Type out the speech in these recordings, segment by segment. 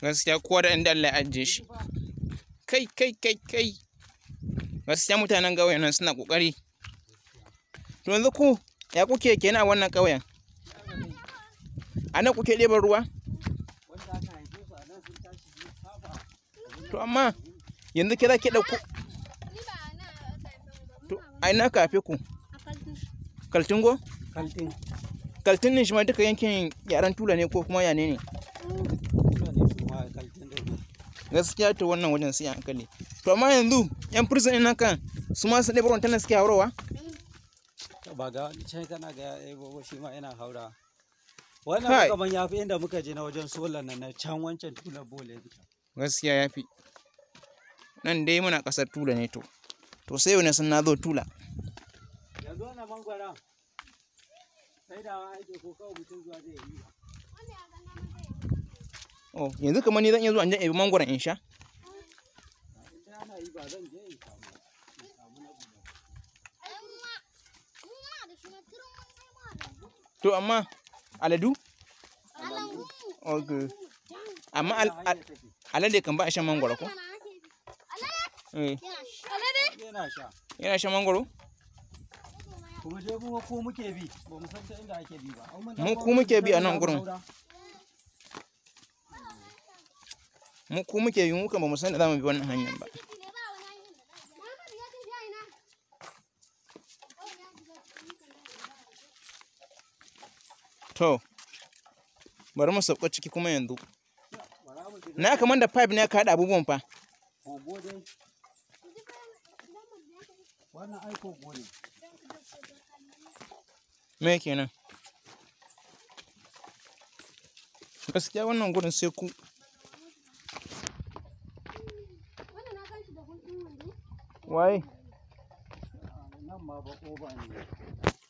gaskiya kowa da inda Allah ya ajiye shi kai kai kai kai gaskiya mutanen ƙauyen nan suna ƙoƙari to yanzu ku ya kuke kenan a wannan ƙauyen a nan kuke ɗeban ruwa to amma yanzu kira ki ɗauko to a ina kafe ku kaltingo kaltin kaltin ne shi ma duka yankin yaren tula ne ko kuma yane ne gaskiya to wannan wajen sai hankali to amma yanzu yan prison ɗin nan kan su ma su ɗaya baron tana suke haurowa ba ga can kana ga ya shi ma yana haura wannan kaman ya fi inda muka je na wajen solar nan na can wancan tula bole gaskiya ya fi nan dai muna ƙasar tula ne to to sai wani sun na zo tula yanzu wannan mangwara. sai da ake ko kawo mutum zuwa zai yi Oh, yanzu kamar ni zan iya zuwa in je in mangwaron in sha to amma aladu okay amma alade kan ba a shan mangwaro ko yana eh. sha. Yana shan mangwaro kuma dai kuma ko muke bi ba mu san ta inda ake bi ba mu ku muke bi a nan gurin mu ku muke yi muka ba mu san da za mu bi wannan hanyar ba to bari mu sauka ciki kuma yanzu na kaman da pipe ne ka haɗa abubuwan fa wannan me kenan gaskiya wannan gurin sai ku wai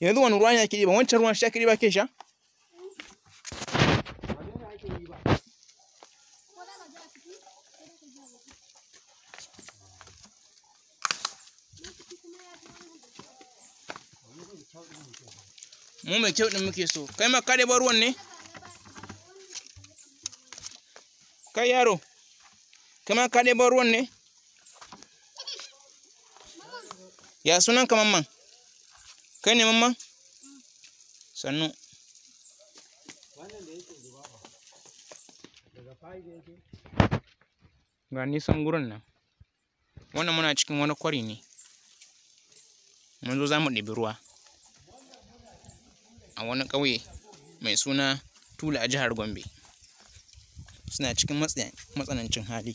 yanzu wani ruwa ne ake ɗiba wancan ruwan shi ake ɗiba ke sha mu mai kyau ɗin muke so kai ma kare ɗiba ruwan ne kai yaro kai ma kare ɗiba ruwan ne ya sunan ka mamman kai ne mamman sannu ga nisan gurin nan wannan muna cikin wani kwari ne mun zo za mu ɗibi ruwa a wani ƙauye mai suna tula a jihar gombe suna cikin matsanancin hali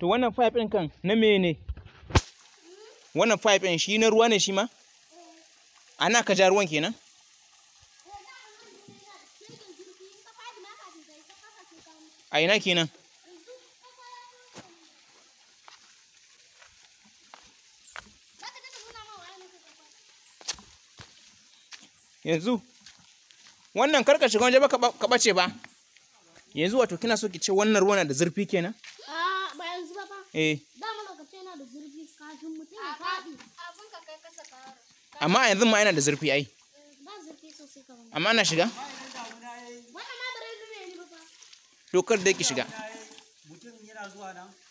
to wannan pipe ɗin kan na me ne wannan pipe ɗin shi na ruwa ne shi ma ana ka ja ruwan kenan a ina kenan yanzu wannan karka shiga waje ba ka ɓace ba yanzu wato kina so ki ce wannan ruwan da zurfi kenan Eh. amma yanzu ma yana da zurfi ai eh, amma ana shiga dokar da yake shiga mutum yana zuwa nan